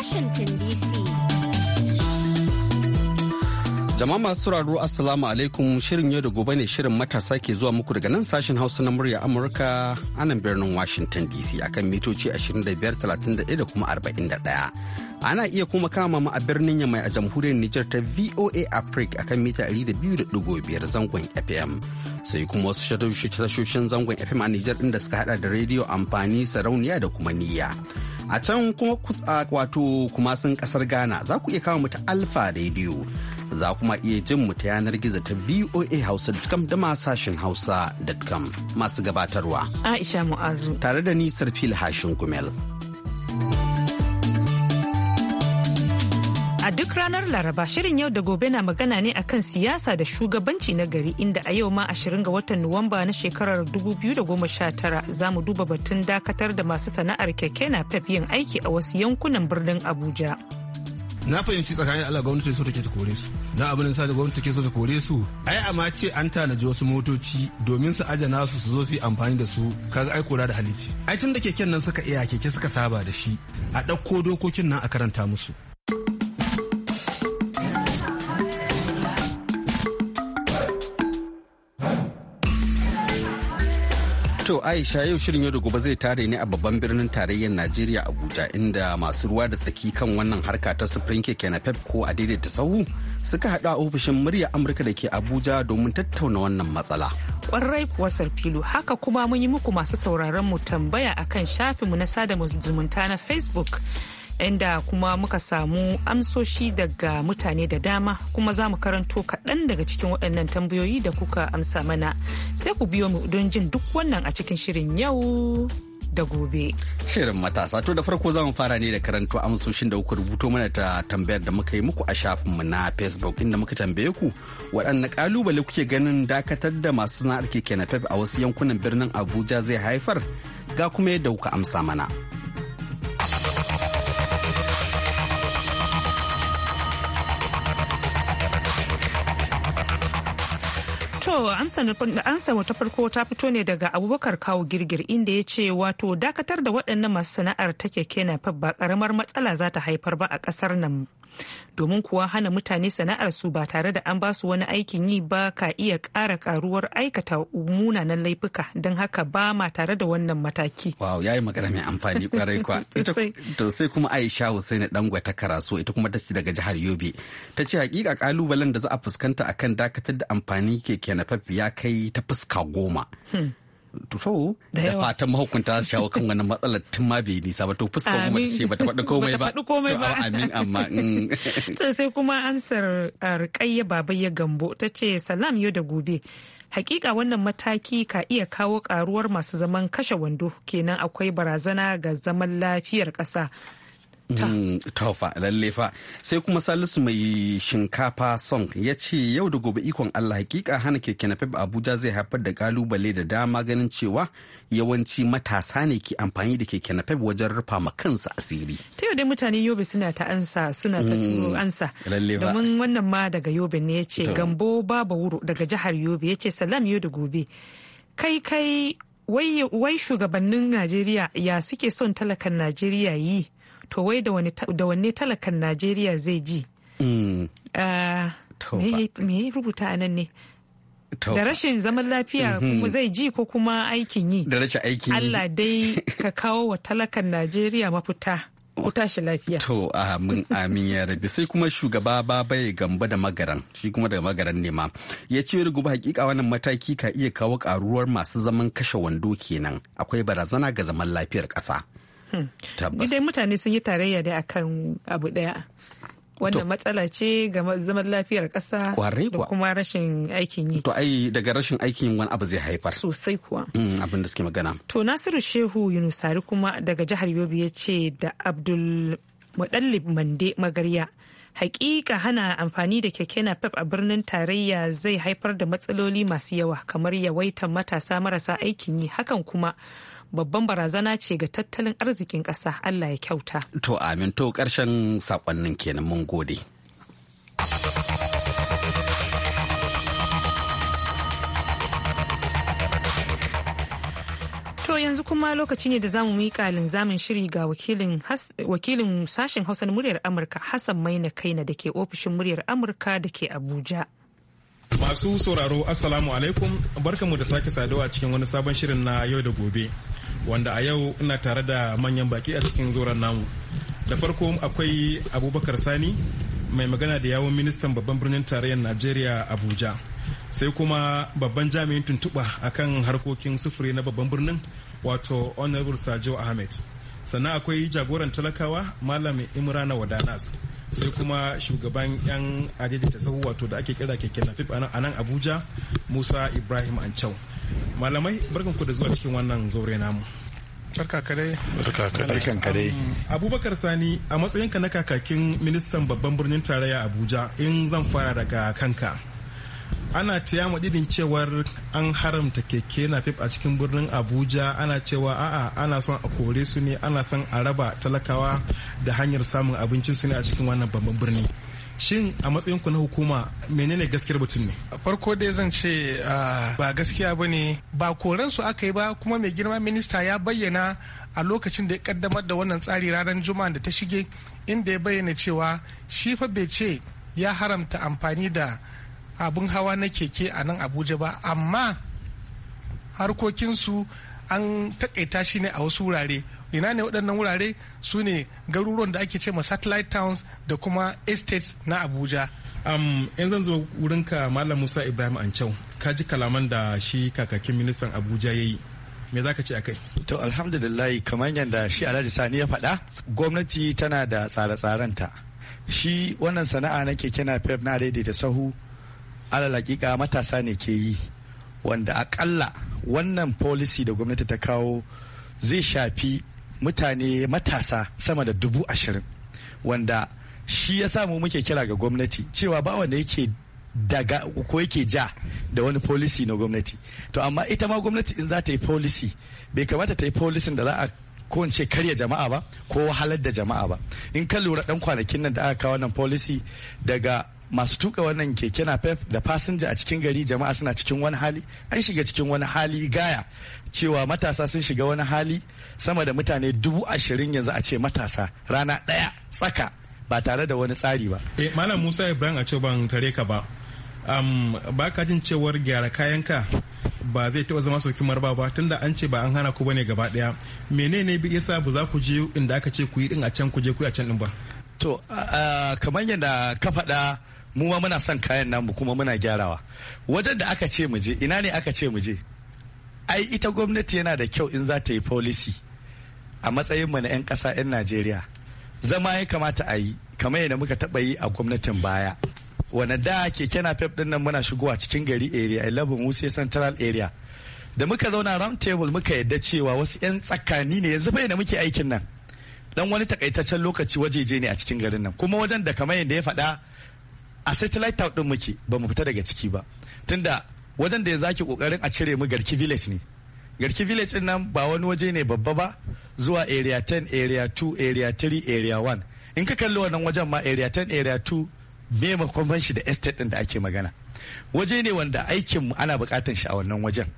Washington DC. Jama'a masu sauraro Assalamu alaikum shirin yau da gobe ne shirin matasa ke zuwa muku daga nan sashen Hausa na murya Amurka a nan birnin Washington DC akan mitoci 25, 31 da kuma 41. ana iya kuma kama mu a birnin yamai a jamhuriyar Nijar ta VOA Africa akan mita 200.5 zangon FM. Sai kuma wasu tashoshin zangon FM a Nijar inda suka hada da rediyo amfani sarauniya da kuma niyya. A can kuma wato kuma sun kasar Ghana za ku iya kama mu ta Alfa Radio. Za kuma iya jin mu ta yanar gizo ta VOA Hausa.com da ma Hausa.com masu gabatarwa. Aisha Mu'azu. Tare da ni Sarfil Hashin Gumel. A duk ranar Laraba shirin yau da gobe na magana ne akan siyasa da shugabanci na gari inda a yau ma 20 ga watan Nuwamba na shekarar 2019 za mu duba batun dakatar da masu sana'ar keke na yin aiki a wasu yankunan birnin Abuja. na fahimci tsakanin Allah gwamnati so take ta kore su na abin da sada gwamnati take so ta kore su ai amma ce an tanaji wasu motoci domin su aje nasu su zo su yi amfani da su kaga ai kora da halici ai tun da keken nan suka iya keke suka saba da shi a ɗauko dokokin nan a karanta musu To Aisha yau shirin yau da gobe zai tare ne a babban birnin tarayyar Najeriya Abuja inda masu ruwa da tsaki kan wannan harka ta sufurin keke na pep ko a daidaita sahu suka haɗu a ofishin murya Amurka da ke Abuja domin tattauna wannan matsala. Kwarai kuwa sarfilu haka kuma mun yi muku masu sauraron mu tambaya akan shafinmu na sada zumunta na Facebook. inda kuma muka samu amsoshi daga mutane da dama kuma za mu karanto kaɗan daga cikin waɗannan tambayoyi da kuka amsa mana sai ku biyo mu don jin duk wannan a cikin shirin yau da gobe. Shirin matasa to da farko zamu fara ne da karanto amsoshin da kuka rubuto mana ta tambayar da muka yi muku a shafinmu na Facebook inda muka tambaye ku waɗanne kalubale kuke ganin dakatar da masu sana'ar keke napep a wasu yankunan birnin Abuja zai haifar ga kuma yadda kuka amsa mana. To amsa wata farko ta fito ne daga abubakar kawo girgir inda ya ce wato dakatar da waɗannan masu sana'ar ta keke napep ba ƙaramar matsala za ta haifar ba a ƙasar nan. Domin kuwa hana mutane sana'ar su ba tare da an ba su wani aikin yi ba ka iya ƙara ƙaruwar aikata munanan laifuka don haka ba ma tare da wannan mataki. Wow, yayi magana mai amfani kwarai kwa. To sai kuma Aisha Hussaini Dangwa ta karaso ita kuma ta ce daga jihar Yobe. Ta ce hakika kalubalen da za a fuskanta akan dakatar da amfani keke nafaffi ya kai ta fuska goma hmm. so da fatan mahukunta su shawo kan wannan matsalar tun ma bai nisa ba to fuska goma ta ce bata faɗi komai ba to amin amma mm. sai kuma ansar ah, rikayya babayya gambo ta ce salam yau da gobe hakika wannan mataki ka iya kawo karuwar masu zaman kashe wando kenan akwai barazana ga zaman lafiyar ƙasa Mm, fa lalle fa sai kuma Salisu mai shinkafa song ya ce yau da gobe ikon Allah hakika hana keke napep Abuja zai haifar da kalubale da dama ganin cewa yawanci matasa ne ke amfani da keke napep wajen rufa ma kansa asiri. Ta yau dai mutane Yobe suna ta ansa suna ta mm, turo ansa. Domin wannan ma daga Yobe ne ya ce Gambo Baba Wuro daga jihar Yobe ya ce salam yau da gobe. Kai kai wai shugabannin Najeriya ya suke son talakan Najeriya yi. to wai da wanne talakan najeriya zai ji hmm. ah, me yi rubuta a nan ne da rashin zaman lafiya mhm. kuma zai ji ko kuma aikin yi da rashin aikin yi allah dai ka kawo wa talakan najeriya mafita ku oh. tashi lafiya. To amin amin ya rabi sai kuma shugaba bai gamba da magaran shi kuma daga magaran ne ma ya ce gobe hakika wannan mataki ka iya kawo karuwar masu zaman kashe wando kenan akwai barazana ga zaman lafiyar ƙasa. tabbas dai mutane sun yi tarayya da akan abu daya wannan matsala ce ga zaman lafiyar ƙasa da kuma rashin aikin yi. To ai daga rashin aikin wani abu zai haifar. Sosai kuwa. Mm, abin da suke magana. To Nasiru Shehu Yunusari kuma daga jihar Yobe ya ce da Abdul Muɗallib Mande Magarya. Hakika hana amfani da keke napep a birnin tarayya zai haifar da matsaloli masu yawa kamar yawaitar matasa marasa aikin yi hakan kuma babban barazana ce ga tattalin arzikin ƙasa Allah ya kyauta. To amin to ƙarshen saƙonnin kenan mun gode. To yanzu kuma lokaci ne da za mu miƙa linzamin shiri ga wakilin sashen Hausa na muryar Amurka Hassan Maina Kaina da ke ofishin muryar Amurka da ke Abuja. Masu sauraro Assalamu alaikum barkanmu da sake saduwa cikin wani sabon shirin na yau da gobe. wanda a yau ina tare da manyan baki a cikin zoron namu da farko akwai abubakar sani mai magana da yawon ministan babban birnin tarayyar najeriya abuja sai kuma babban jami'in tuntuɓa kan harkokin sufuri na babban birnin wato honorable sajo ahmed sannan akwai jagoran talakawa malam imrana wadanas sai kuma shugaban yan adadi ta sahu wato da ake kira keke nafif a nan abuja musa ibrahim ancau malamai barkan ku da zuwa cikin wannan zaure namu mm. abubakar sani a matsayinka na kakakin ministan babban birnin tarayya abuja in zan fara daga kanka ana taya madidin cewar an haramta keke fif a cikin birnin abuja ana cewa a'a ana son a kore su ne ana son a raba talakawa da hanyar samun abincin su ne a cikin wannan babban birni shin a matsayinku na hukuma menene gaskiyar batun ne farko dai zan ce ah, ba gaskiya ba ne ba koransu aka yi ba kuma mai girma minista ya bayyana a lokacin da ya kaddamar da wannan tsari ranar juma'a da ta shige inda ya bayyana cewa shi fa bai ce ya haramta amfani da abin hawa na keke a nan abuja ba amma harkokinsu an takaita shi ne a wasu wurare ina ne waɗannan wurare su ne garuruwan da ake ce ma satellite towns da kuma estates na abuja um, in zan zo wurinka malam musa ibrahim ancau ka ji kalaman da shi kakakin ministan abuja ya yi me za ka ce a kai to alhamdulillah kamar yadda shi alhaji sani ya faɗa gwamnati tana da tsare-tsarenta shi wannan sana'a na keke na pep na da sahu alalakika matasa ne ke yi wanda akalla wannan policy da gwamnati ta kawo zai shafi mutane matasa sama da dubu ashirin wanda shi ya samu muke kira ga gwamnati cewa ba wanda yake daga ko yake ja da wani policy na gwamnati to amma ita ma gwamnati in za ta yi policy bai kamata ta yi policy da za a ko ce karya jama'a ba ko wahalar da jama'a ba in ka lura dan kwanakin nan da aka kawo nan policy daga masu tuka wannan keke na pep da fasinja a cikin gari jama'a suna cikin wani hali an shiga cikin wani hali gaya cewa matasa sun shiga wani hali sama da mutane dubu ashirin yanzu a ce matasa rana ɗaya tsaka ba tare da wani tsari ba. Eh, Malam Musa Ibrahim a ce ban tare ka ba. Um, ba ka jin cewar gyara kayan ka ba zai taɓa zama sauki marba ba tunda an ce ba an hana ku bane gaba ɗaya menene bi isa ba za ku je inda aka ce ku yi din a can ku je ku yi a can din ba to kamar yadda ka faɗa mu ma muna son kayan namu kuma muna gyarawa wajen da aka ce muje ina ne aka ce muje ai ita gwamnati yana da kyau in za ta yi policy a matsayin mu na 'yan kasa 'yan najeriya zama ya kamata a yi kamar yadda muka taɓa yi a gwamnatin baya wani da keke na pep nan muna shigowa cikin gari area 11 musa central area da muka zauna round table muka yadda cewa wasu 'yan tsakani ne yanzu bai da muke aikin nan dan wani takaitaccen lokaci wajeje ne a cikin garin nan kuma wajen da kamar yadda ya faɗa a satellite town din muke ba mu fita daga ciki ba tunda wajen da ya zaki kokarin a cire mu garki village ne garki village din nan ba wani waje ne babba ba zuwa area 10 area 2 area 3 area 1 in ka kalli wannan wajen ma area 10 area 2 bema makon da estate din da ake magana waje ne wanda aikin mu ana bukatan shi a wannan wajen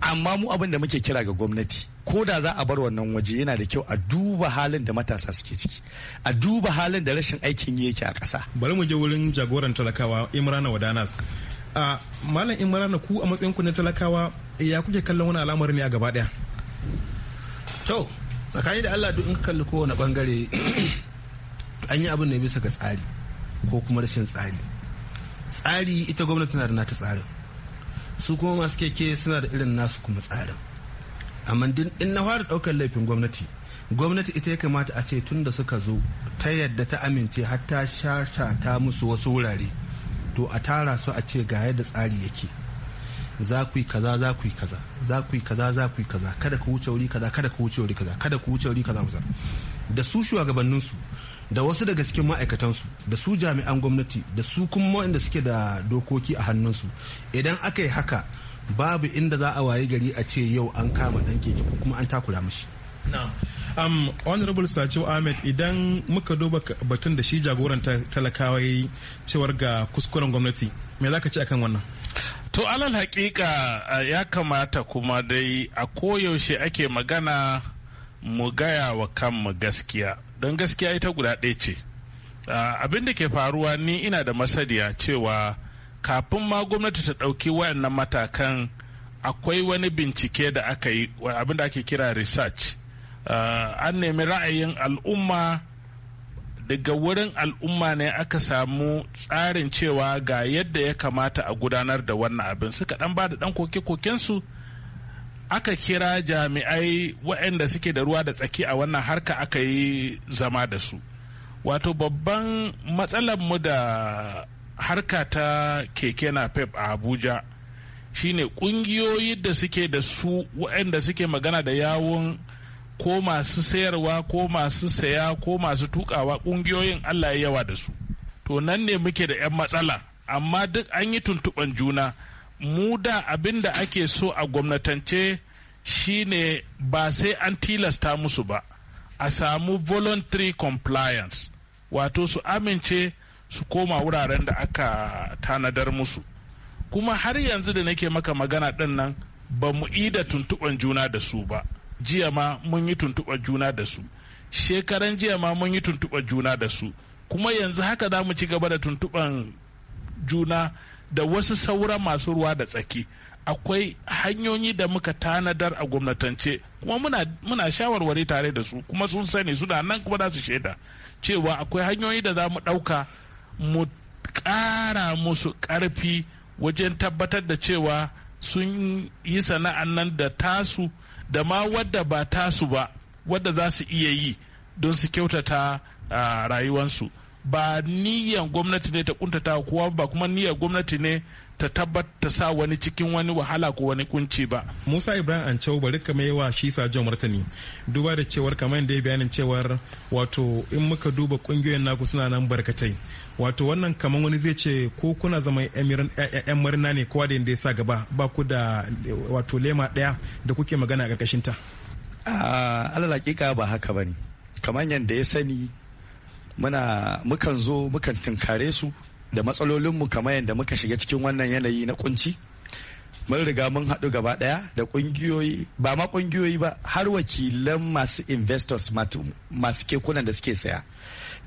amma mu abin da muke kira ga gwamnati ko da za a bar wannan waje yana da kyau a duba halin da matasa suke ciki a duba halin da rashin aikin yi yake a ƙasa bari mu je wurin jagoran talakawa imrana wadanas a malam imrana ku a matsayin ku na talakawa ya kuke kallon wani al'amari ne a gaba daya to tsakani da allah duk in ka kalli kowane bangare an yi abin ne bisa ga tsari ko kuma rashin tsari tsari ita gwamnati na da nata tsarin su kuma masu keke suna da irin nasu kuma tsarin amma in na fara daukar laifin gwamnati gwamnati ita ya kamata a ce tun da suka zo ta yadda ta amince har ta shashata musu wasu wurare to a tara su a ce ga yadda tsari yake za ku yi kaza za ku yi kaza za ku yi kaza za ku yi kaza kada ku wuce wuri kaza kada ku wuce wuri kaza kada ku wuce wuri kaza da su shugabanninsu da wasu daga cikin ma'aikatansu da su jami'an gwamnati da su kuma waɗanda suke da dokoki a hannunsu idan aka yi haka babu inda za a wayi gari a ce yau an kama dan keke ko kuma an takura mashi. Um, honorable Sajo Ahmed idan muka duba batun da shi jagoran talakawa yi cewar ga kuskuren gwamnati me za ka ce akan wannan? To alal hakika ya kamata kuma dai a koyaushe ake magana mu gaya wa kanmu gaskiya don gaskiya ita guda ɗaya ce ah, abin da ke faruwa ni ina da masadiya cewa kafin ma gwamnati ta ɗauki wayannan matakan akwai wani bincike da aka yi abin da ake kira research ah, an nemi ra'ayin al'umma daga wurin al'umma ne aka samu tsarin cewa ga yadda ya kamata a gudanar da wannan abin suka dan ba da ɗan koke-kokensu aka kira jami'ai waɗanda suke da ruwa da tsaki a wannan harka aka yi zama da su wato babban matsalar mu da harka ta keke na pep a abuja shine ƙungiyoyi da suke da su waɗanda suke magana da yawon ko masu sayarwa ko masu saya ko masu tukawa ƙungiyoyin allah ya yawa da su to nan ne muke da 'yan matsala amma duk an yi tuntuɓan juna mu da abin da ake so a gwamnatance shine ba sai an tilasta musu ba a samu voluntary compliance wato su amince su koma wuraren da aka tanadar musu kuma har yanzu da nake maka magana ɗin nan ba mu yi da tuntuɓar juna da su ba jiya ma mun yi tuntuɓar juna da su shekaran jiya ma mun yi tuntuɓar juna da su kuma yanzu haka za mu ci gaba da tuntuɓan juna da wasu sauran masu ruwa da tsaki akwai hanyoyi da muka tanadar a gwamnatance kuma muna, shawarwari tare da su kuma sun sani suna nan kuma za su shaida cewa akwai hanyoyi da za mu ɗauka mu ƙara musu ƙarfi wajen tabbatar da cewa sun yi sana'an nan da tasu da ma wadda ba tasu ba wadda za su iya yi don su kyautata ah, rayuwansu ba niyyar gwamnati ne ta kuntata kowa ba kuma niyyar gwamnati ne ta tabbata sa wani cikin wani wahala ko wani kunci ba. Musa Ibrahim Ancau bari ka mai wa shi Sajon Tani. duba da cewar kamar da ya bayanin cewar wato in muka duba kungiyoyin naku suna nan barkatai. Wato wannan kamar wani zai ce ko kuna zama yan murna ne kowa da yadda ya sa gaba ba ku da wato lema ɗaya da kuke magana a ƙarƙashinta. Ah, Allah ba haka bane. Kamar yadda ya sani muna mukan zo mukan tunkare su da matsalolinmu kamar yadda muka shiga cikin wannan yanayi na kunci mun riga mun haɗu gaba ɗaya da ƙungiyoyi ba ma ƙungiyoyi ba har wakilan masu investors masu kekunan da suke saya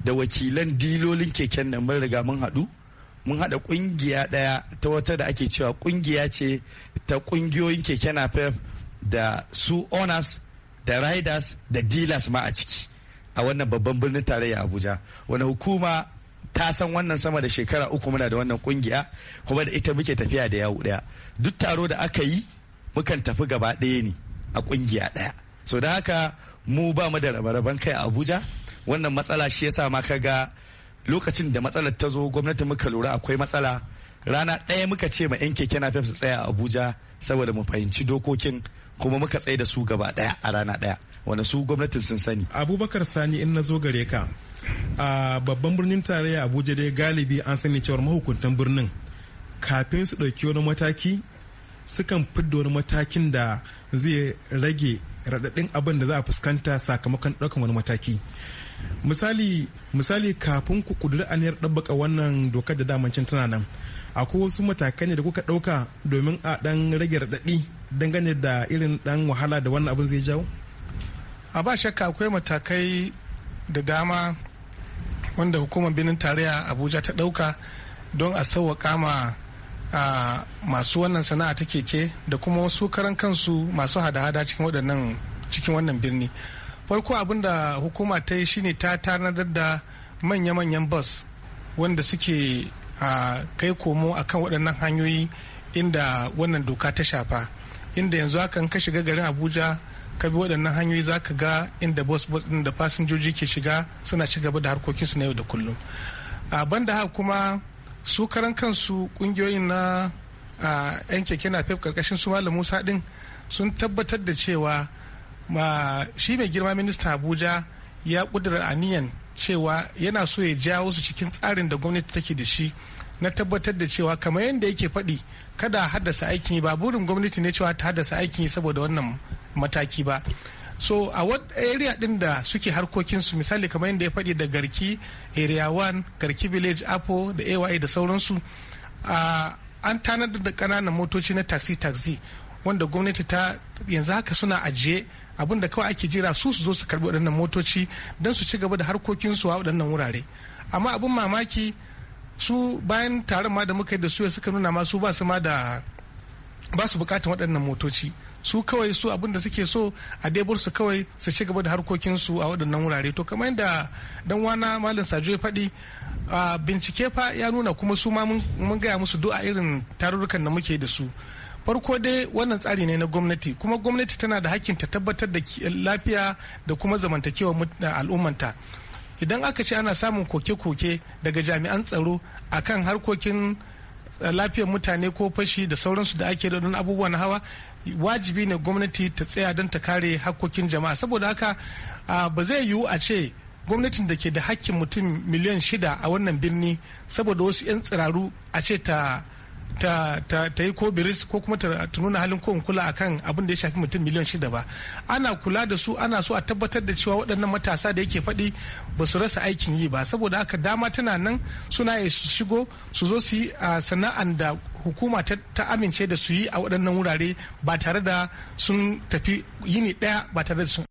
da wakilan dilolin keken nan mun riga mun haɗu mun haɗa ƙungiya ɗaya ta wata da ake cewa ƙungiya ce ta ƙungiyoyin keke napep da su owners da riders da dealers ma a ciki a wannan babban birnin tarayya abuja wani hukuma ta san wannan sama da shekara uku muna da wannan kungiya kuma da ita muke tafiya da yawo daya duk taro da aka yi mukan tafi gaba ɗaya ne a kungiya ɗaya so da haka mu ba mu da rabe-raben kai a abuja wannan matsala shi yasa ma ka ga lokacin da matsalar ta zo gwamnati muka lura akwai matsala rana ɗaya muka ce ma 'yan keke na su tsaya a abuja saboda mu fahimci dokokin kuma muka tsaye da su gaba daya a rana daya wanda su gwamnatin sun sani abubakar sani in na zo gare ka a babban birnin tarayya abuja dai galibi an sani cewar mahukuntan birnin kafin su ɗauki wani mataki sukan fidda wani matakin da zai rage raɗaɗin abin da za a fuskanta sakamakon ɗaukan wani mataki misali misali kafin ku kudura aniyar ɗabbaka wannan dokar da damancin tana nan akwai wasu matakai ne da kuka ɗauka domin a ɗan rage raɗaɗi dangane da irin dan wahala da wannan abin zai jawo a ba shakka akwai matakai da dama wanda hukumar birnin tarayya abuja ta dauka don a sauwaƙa ma masu wannan sana'a ta keke da kuma wasu karan kansu masu hada-hada cikin waɗannan cikin wannan birni farko abin da hukuma ta yi shine ta tanadar da manya-manyan bus wanda suke kai komo akan waɗannan hanyoyi inda wannan doka ta shafa inda yanzu hakan ka shiga garin abuja ka bi waɗannan hanyoyi za ka ga inda bus bus ɗin da fasinjoji ke shiga suna ci gaba da harkokinsu na yau da kullum a banda haka kuma su karan kansu ƙungiyoyin na yan keke na fef karkashin su malam musa ɗin sun tabbatar da cewa ma shi mai girma minista abuja ya ƙudura aniyan cewa yana so ya jawo su cikin tsarin da gwamnati take da shi na tabbatar da cewa kamar yadda yake faɗi kada haddasa aikin yi ba burin gwamnati ne cewa ta haddasa aikin yi saboda wannan mataki ba so a wat area din da suke harkokinsu misali kamar yadda ya faɗi da garki area 1 garki village apple da ay da sauransu an tanadar da ƙananan motoci na taxi taxi wanda gwamnati ta yanzu haka suna ajiye abinda kawai ake jira su su zo su karbi waɗannan motoci don su ci gaba da harkokinsu a waɗannan wurare amma abin mamaki su bayan taron ma da muka yi da su suka nuna ma su ba su ma da ba su bukatan waɗannan motoci su kawai su abin da suke so a debur su kawai su ci gaba da harkokin su a waɗannan wurare to kamar yadda dan wana malam sajo ya faɗi bincike fa ya nuna kuma su ma mun gaya musu du'a irin tarurrukan da muke da su farko dai wannan tsari ne na gwamnati kuma gwamnati tana da hakkin ta tabbatar da lafiya da kuma zamantakewa al'ummanta idan aka ce ana samun koke-koke daga jami'an tsaro a kan harkokin eh, lafiyar mutane ko fashi da sauransu da ake da abubuwan hawa wajibi ne gwamnati ta tsaya don ta kare hakkokin jama'a saboda haka ah, ba zai yiwu a ce gwamnatin da ke da hakkin mutum miliyan shida a wannan birni saboda wasu 'yan tsiraru a ce ta ta, ta, ta yi ko biris ko kuma ta, nuna halin ko kula akan abin da ya shafi mutum miliyan shida ba ana kula da su ana so a tabbatar da cewa waɗannan matasa da yake faɗi ba su rasa aikin yi ba saboda haka dama tana nan suna yi su shigo su zo su yi sana'an da hukuma ta, amince da su yi a waɗannan wurare ba tare da sun tafi yini ɗaya ba tare da sun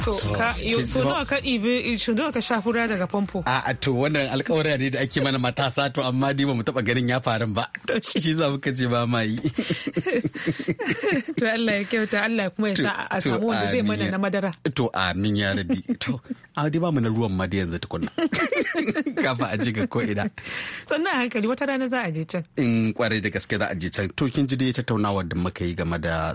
To, ka so nawa ka nawa ka daga A to wannan alkawari ne da ake mana matasa to amma ni ba mu taba ganin ya faru ba. Shi za muka ce ba ma yi. To Allah ya kyauta Allah kuma ya sa a samu wanda zai mana na madara. To amin ya rabi. To a dai ba mu na ruwan ma yanzu tukunna Kafa a ji ga ko ina. Sannan hankali wata rana za a je can. In kwarai da gaske za a je can. To kin ji dai tattaunawa da muka yi game da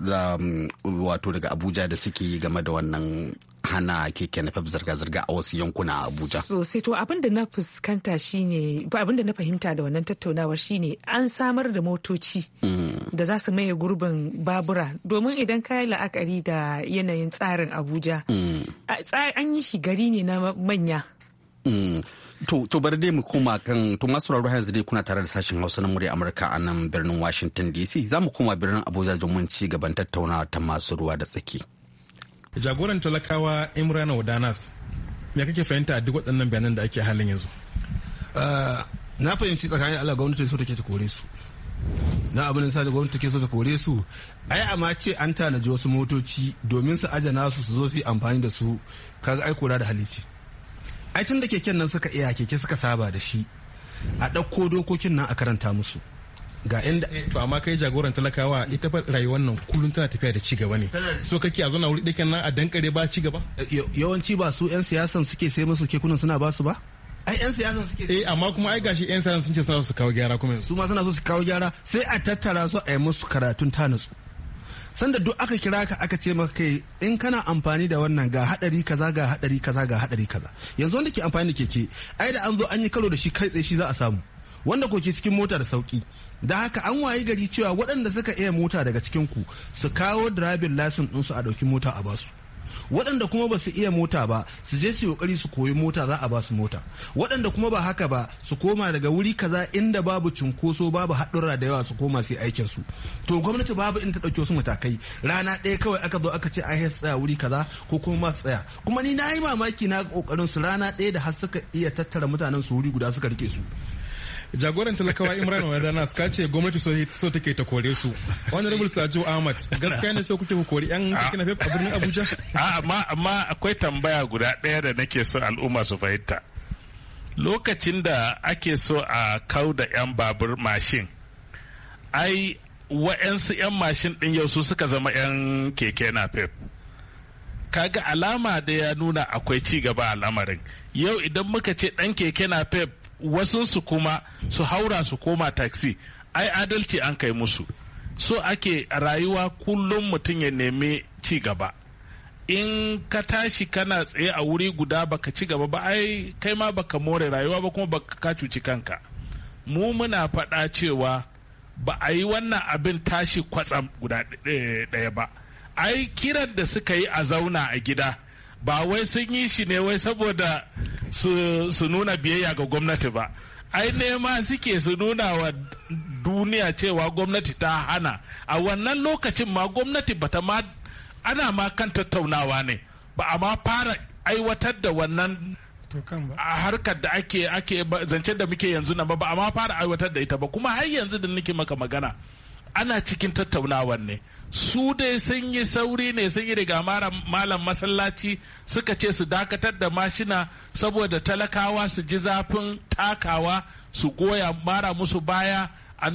wato daga Abuja da suke yi game da wannan hana keke na zirga-zirga a wasu yankuna a Abuja. Sosai to abin da na fuskanta shine abin da na fahimta da wannan tattaunawar shine an samar da motoci mm. da za su maye gurbin babura domin idan ka yi la'akari da yanayin tsarin Abuja mm. an yi shi gari ne na manya. Mm. To, to bari dai mu koma kan to masu rarru yanzu dai kuna tare da sashen Hausa na murya Amurka a nan birnin Washington DC za mu koma birnin Abuja domin ci gaban tattaunawa ta masu ruwa da tsaki. jagoran talakawa imran wadanas me kake fahimta a duk waɗannan bayanan da ake halin yanzu ah, na fahimci tsakanin allah gwamnati so take ta kore su na abin da gwamnati take so ta kore su ai amma ce an tanaji wasu motoci domin su ajana nasu su zo su yi amfani da su kaga ai kora da halici ai tun da keken nan suka iya keke suka saba da shi a ɗauko dokokin nan a karanta musu ga inda eh, to amma kai jagoran talakawa ita fa rayuwar nan kullum tana tafiya da ci gaba ne so kake a na wuri dake nan a dankare ba ci gaba. yawanci ba su yan siyasan suke sai musu kekunan suna ba su ba ai yan siyasan suke eh amma kuma ai gashi yan siyasan sun ce suna su kawo gyara kuma su ma suna so su kawo gyara sai a tattara su a yi musu karatun nutsu. sanda duk aka kira ka aka ce maka kai in kana amfani da wannan ga hadari kaza ga hadari kaza ga hadari kaza yanzu wanda ke amfani da keke ai da an zo an yi karo da shi kai tsaye shi za a samu wanda ko ke cikin mota da sauki da haka an wayi gari cewa waɗanda suka iya mota daga cikin ku su kawo drabin lasin ɗinsu a ɗauki mota a basu waɗanda kuma ba su iya mota ba su je su yi su koyi mota za a basu mota waɗanda kuma ba haka ba su koma daga wuri kaza inda babu cunkoso babu haɗura da yawa su koma su yi aikin su to gwamnati babu in ta ɗauki su matakai rana ɗaya kawai aka zo aka ce an yi tsaya wuri kaza ko kuma ma tsaya kuma ni na yi mamaki na ƙoƙarin su rana ɗaya da har suka iya tattara mutanen su wuri guda suka rike su jagoran talakawa imran wa wadana suka ce gwamnati so take ta kore su honorable sajo ahmad gaskiya ne so kuke kori yan cikin ah. fef a birnin abuja ah, amma amma akwai tambaya guda ɗaya da nake so al'umma su fahimta lokacin da ake so a kau da yan babur mashin ai wa'yansu yan mashin ɗin yau su suka zama yan keke na fef kaga alama da ya nuna akwai ci gaba a lamarin yau idan muka ce ɗan keke na fef Wasu su kuma su haura su koma taxi ai adalci an kai musu so ake rayuwa kullum mutum ya nemi ci gaba in ka tashi kana tsaye a wuri guda baka ci gaba ba ai kai ma baka more rayuwa ba kuma baka ka cuci kanka mu muna faɗa cewa ba a yi wannan abin tashi kwatsam guda eh, ɗaya ba ai kiran da suka yi a zauna a gida ba wai sun yi shi ne wai saboda su nuna biyayya ga gwamnati ba ai nema suke su nuna wa duniya cewa gwamnati ta hana a wannan lokacin ma gwamnati bata ma ana ma kan tattaunawa ne ba a ma fara aiwatar da wannan a harkar da ake ake zancen da muke yanzu nan ba ba a ma fara aiwatar da ita ba kuma har yanzu da nake maka magana ana cikin tattaunawar ne su dai sun yi sauri ne sun yi riga malam masallaci suka ce su dakatar da mashina saboda talakawa su ji zafin takawa su goya mara musu baya a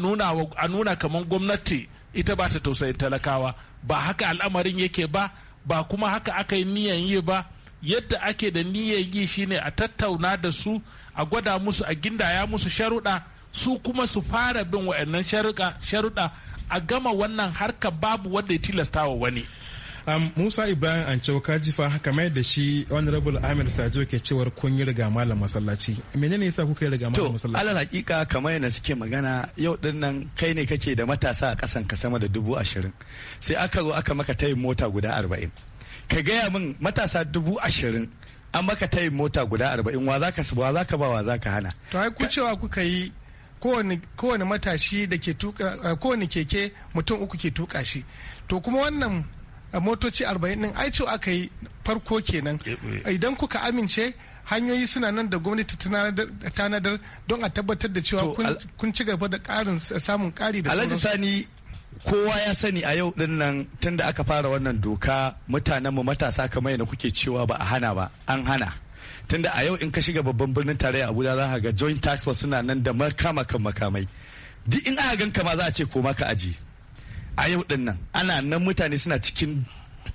nuna kamar gwamnati ita ba ta tausayin talakawa ba haka al'amarin yake ba ba kuma haka aka yi niyan yi ba yadda ake da niyan yi shine a tattauna da su a gwada musu a gindaya musu sharuɗa su kuma su fara bin wa'annan sharuɗa a gama wannan harka babu wanda ya tilasta wa wani um, musa ibrahim ancau ka jifa mai da shi honorable amir sajo ke cewar kun yi riga malam masallaci ne yasa kuka yi riga malam masallaci to alal hakika kamar yana suke magana yau din nan kai ne kake da matasa a kasan ka sama da dubu ashirin sai aka zo aka maka tayin mota guda arba'in ka gaya min matasa dubu ashirin an maka tayin mota guda arba'in wa za ka ba wa za ka hana to ai ku cewa kuka yi kowane matashi da ke tuka eh, kowane keke mutum uku ke tuka shi to kuma wannan eh, motoci 40 din aicho aka yi farko kenan eh, idan kuka amince hanyoyi suna nan da gwamnati tanadar don a tabbatar da cewa kun ci gaba da karin samun kari da alhaji sani kowa ya sani a yau din nan tun da aka fara wannan doka mutanenmu matasa kamar yadda kuke cewa ba a hana ba an hana tunda a yau in ka shiga babban birnin tarayya abuja za ka ga joint tax force suna nan da makama kan makamai duk in aka ganka ma za a ce koma ka aji a yau din nan ana nan mutane suna cikin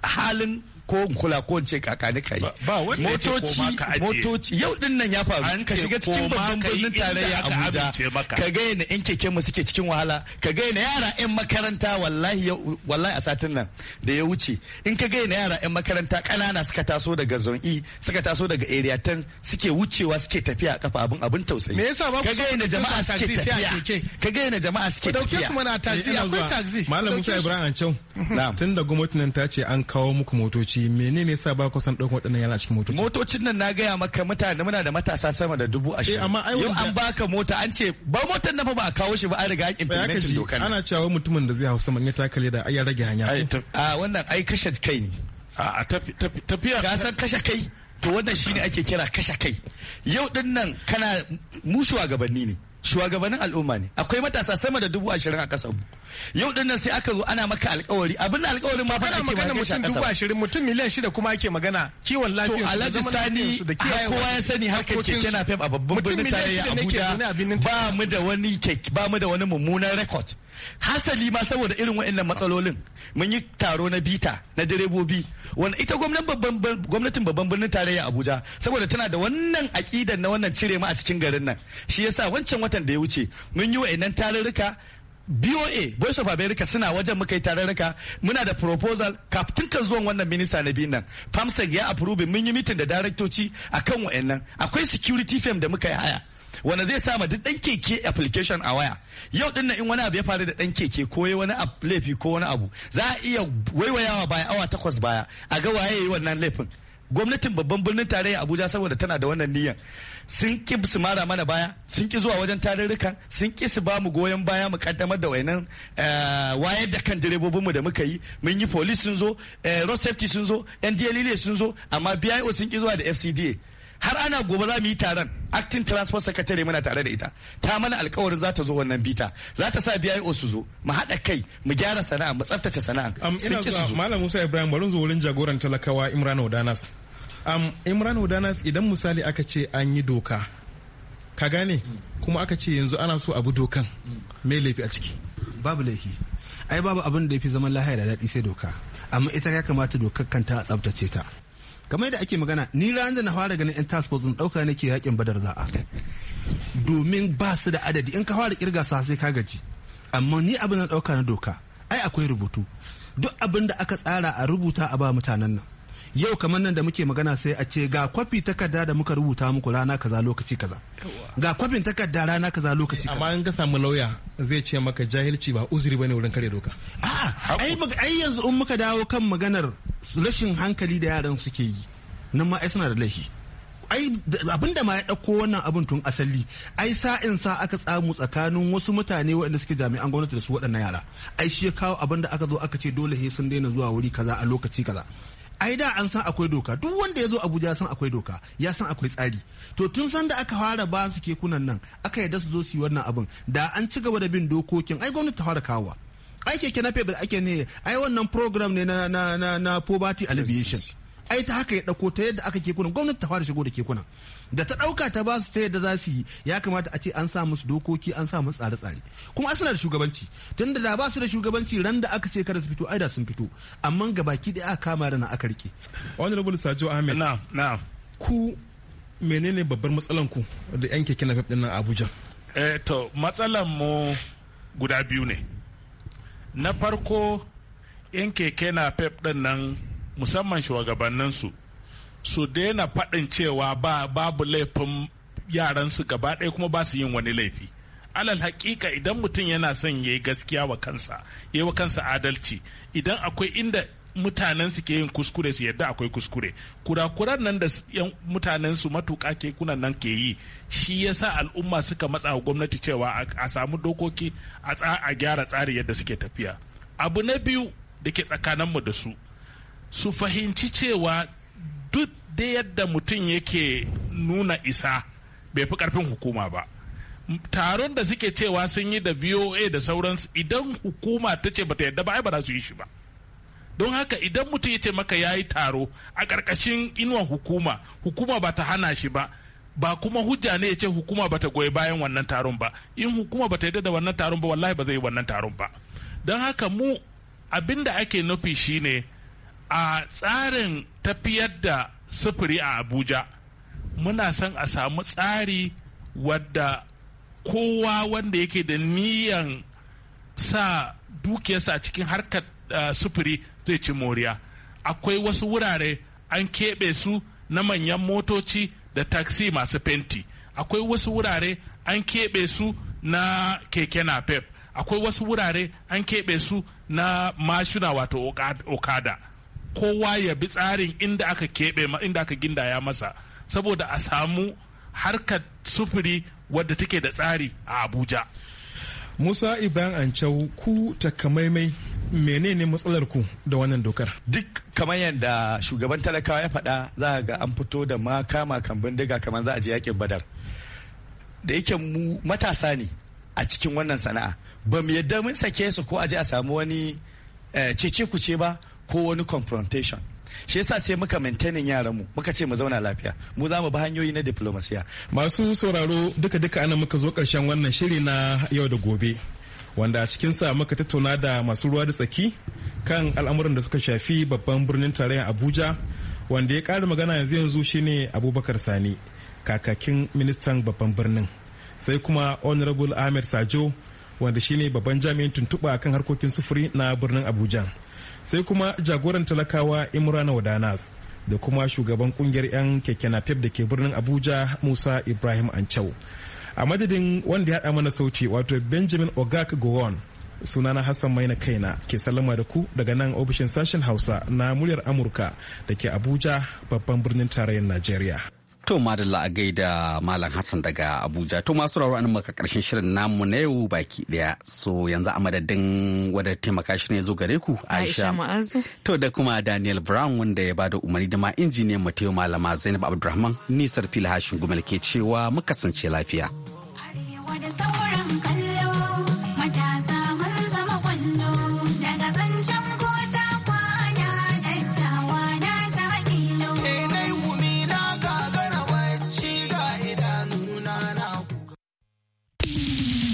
halin ko kula ko in ce kakani ka yi motoci motoci yau din nan ya faru ka shiga cikin babban birnin tarayya Abuja ka ga yana yan keke mu suke cikin wahala ka ga yana yara yan makaranta wallahi wallahi a satin nan da ya wuce in ka ga yana yara yan makaranta kanana suka taso daga zon'i e, suka taso daga area Tan suke wucewa suke tafiya kafa abin abin tausayi me yasa ba ku ga yana jama'a suke tafiya ka ga yana jama'a suke tafiya dauke su mana taxi akwai taxi malam Musa Ibrahim Ancau tunda gwamnatin ta ce an kawo muku motoci motoci menene sa ba kusan ɗaukar waɗannan yara a cikin motoci motocin nan na gaya maka mutane muna da matasa sama da dubu ashirin eh, amma yau an baka mota an ce ba motar na fa ba a kawo shi ba an riga implementin dokan ana cewa mutumin da zai hau saman ya takale da ai rage hanya a wannan ai kashe kai ne a tafiya ka san kashe kai to wannan shine ake kira kashe kai yau din nan kana mushuwa gabanni ne shugabannin al'umma ne akwai matasa sama da dubu ashirin a kasar yau din nan sai aka zo ana maka alkawari abin da alkawarin ma fa ake magana mutum dubu ashirin mutum miliyan shida kuma ake magana kiwon lafiya to alhaji sani kowa ya sani harkar keke na fef a babban birnin tarayya abuja ba mu da wani ba mu da wani mummunan record hasali ma saboda irin wa'annan matsalolin mun yi taro na bita na direbobi wani ita gwamnatin babban birnin tarayya abuja saboda tana da wannan aƙidan na wannan cire mu a cikin garin nan shi yasa wancan watan da ya wuce mun yi wa'annan tarurruka BOA Voice of America suna wajen muka yi tararraka muna da proposal kaftin kan zuwan wannan minista na biyun nan Famsek ya approve mun yi mitin da daraktoci akan wa'annan akwai security firm da muka yi haya wanda zai sa ma duk dan keke application a waya yau din in wani abu ya faru da dan keke ko wani laifi ko wani abu za a iya waiwayawa baya awa takwas baya a ga waye yi wannan laifin gwamnatin babban birnin tarayya abuja saboda tana da wannan niyyar sun ki su mara mana baya sun ki zuwa wajen tarurrukan sun ki su mu goyon baya mu kaddamar da wainan eh, wayar da kan direbobinmu da muka yi mun yi police sun zo eh, road safety sun zo ndlea sun zo amma bio sun ki zuwa da fcda har ana gobe za mu yi taron acting transport secretary muna tare da ita ta mana alkawarin za ta zo wannan bita za ta sa BIO su zo mu haɗa kai mu gyara sana'a mu tsaftace sana'a sun ki su zo malam Musa Ibrahim bari zo wurin jagoran talakawa Imran Odanas um, Imran Odanas idan misali aka ce an yi doka ka gane kuma aka ce yanzu ana so abu dokan me laifi a ciki babu laifi ai babu abin da ya fi zaman lahaya da daɗi sai doka amma ita ya kamata dokar kanta a tsaftace ta kamar da ake magana ni ran da na fara ganin yan task force dauka nake yakin badar za'a domin ba su da adadi in ka fara kirga su sai ka gaji amma ni abin da dauka na doka ai akwai rubutu duk abin da aka tsara a rubuta a ba mutanen nan yau kamar nan da muke magana sai a ce ga kwafi takarda da muka rubuta muku rana kaza lokaci kaza ga kwafin takarda rana kaza lokaci kaza amma in ka samu lauya zai ce maka jahilci ba uzuri bane wurin kare doka a ai yanzu in muka dawo kan maganar rashin hankali da yaran suke yi nan ma ai suna da laifi ai abin da ma ya ɗauko wannan abin tun asali ai sa'in sa aka tsamu tsakanin wasu mutane waɗanda suke jami'an gwamnati da su waɗannan yara ai shi ya kawo abin da aka zo aka ce dole sai sun daina zuwa wuri kaza a lokaci kaza ai da an san akwai doka duk wanda ya zo abuja san akwai doka ya san akwai tsari to tun san da aka fara ba su kekunan nan aka yarda su zo su yi wannan abin da an ci gaba da bin dokokin ai gwamnati ta fara kawa ai keke na da ake ne ai wannan program ne na na na, na poverty alleviation ai ta haka ya dauko ta yadda aka kekunan gwamnati ta fara shigo da kekunan da ta ɗauka ta ba su ta yadda za su yi ya kamata a ce an sa musu dokoki an sa musu tsare-tsare kuma suna da shugabanci tun da da ba su da shugabanci ran da aka ce kada su fito ai da sun fito amma ga baki ɗaya aka kama da na aka rike. honorable sajo ahmed na na ku menene babbar matsalan ku da yan keke fef din nan abuja. eh to matsalan mu guda biyu ne na farko yan keke nafef din nan musamman shugabannin su su daina faɗin cewa ba babu laifin yaransu gaba ɗaya kuma ba su yin wani laifi alal haƙiƙa idan mutum yana son ya yi gaskiya wa kansa ya wa kansa adalci idan akwai inda mutanen su ke yin kuskure su yadda akwai kuskure kurakuran nan da mutanen su matuƙa ke kekunan nan ke yi shi yasa al'umma suka matsa wa gwamnati cewa a samu dokoki a gyara tsari yadda suke tafiya abu na biyu da ke tsakaninmu da su su fahimci cewa duk da yadda mutum yake nuna isa bai fi karfin hukuma ba taron da suke cewa sun yi da voa da sauransu idan hukuma ta ce bata yadda ba ai ba za su yi shi ba don haka idan mutum ya ce maka ya yi taro a ƙarƙashin inuwan hukuma hukuma ba ta hana shi ba ba kuma hujja ne ya ce hukuma ba ta goyi bayan wannan taron ba in hukuma ba ta yadda da wannan taron ba wallahi ba zai yi wannan taron ba don haka mu abin da ake nufi shine a tsarin tafiyar da sufuri a abuja muna son a samu tsari wadda kowa wanda yake da niyan sa dukiyarsa a cikin harkar sufuri zai ci moriya akwai wasu wurare an keɓe su na manyan motoci da taxi masu fenti akwai wasu wurare an keɓe su na keke napep akwai wasu wurare an keɓe su na mashina wato okada kowa ya bi tsarin inda aka keɓe inda aka gindaya masa saboda a samu harkar sufuri wadda take da tsari a abuja musa ibrahim ancau ku takamaimai menene matsalar ku da wannan dokar duk kamar yadda shugaban talakawa ya faɗa za ga an fito da kama kan bindiga kamar za a je yakin badar da yake mu matasa ne a cikin wannan sana'a ba mu yadda mun sake su ko a je a samu wani eh, cece kuce ba ko wani confrontation shi yasa sai muka yaran mu muka ce mu zauna lafiya mu za mu bi hanyoyi na diplomasiya masu sauraro duka duka ana muka zo karshen wannan shiri na yau da gobe wanda a cikin sa muka tattauna da masu ruwa da tsaki kan al'amuran da suka shafi babban birnin tarayya abuja wanda ya ƙara magana yanzu yanzu shine abubakar sani kakakin ministan babban birnin sai kuma honorable ahmed sajo wanda shine babban jami'in tuntuɓa kan harkokin sufuri na birnin abuja sai kuma jagoran talakawa Imran wadanas da kuma shugaban kungiyar 'yan keke napep da ke birnin abuja musa ibrahim ancau a madadin wanda ya haɗa mana sauti wato benjamin ogak gowon sunana hassan maina kaina ke sallama da ku daga nan ofishin sashen hausa na muryar amurka da ke abuja babban birnin tarayyar najeriya To madalla a gaida Malam Hassan daga Abuja. To masu rauro an maka karshen shirin namu na yau baki daya. So yanzu a madadin wadda taimaka shi ne zo gare ku Aisha. To da kuma Daniel Brown wanda ya bada umarni da ma injiniyan mu Teo Malama Zainab Abdulrahman nisar fili hashin gumal ke cewa muka kasance lafiya. Arewa da sauran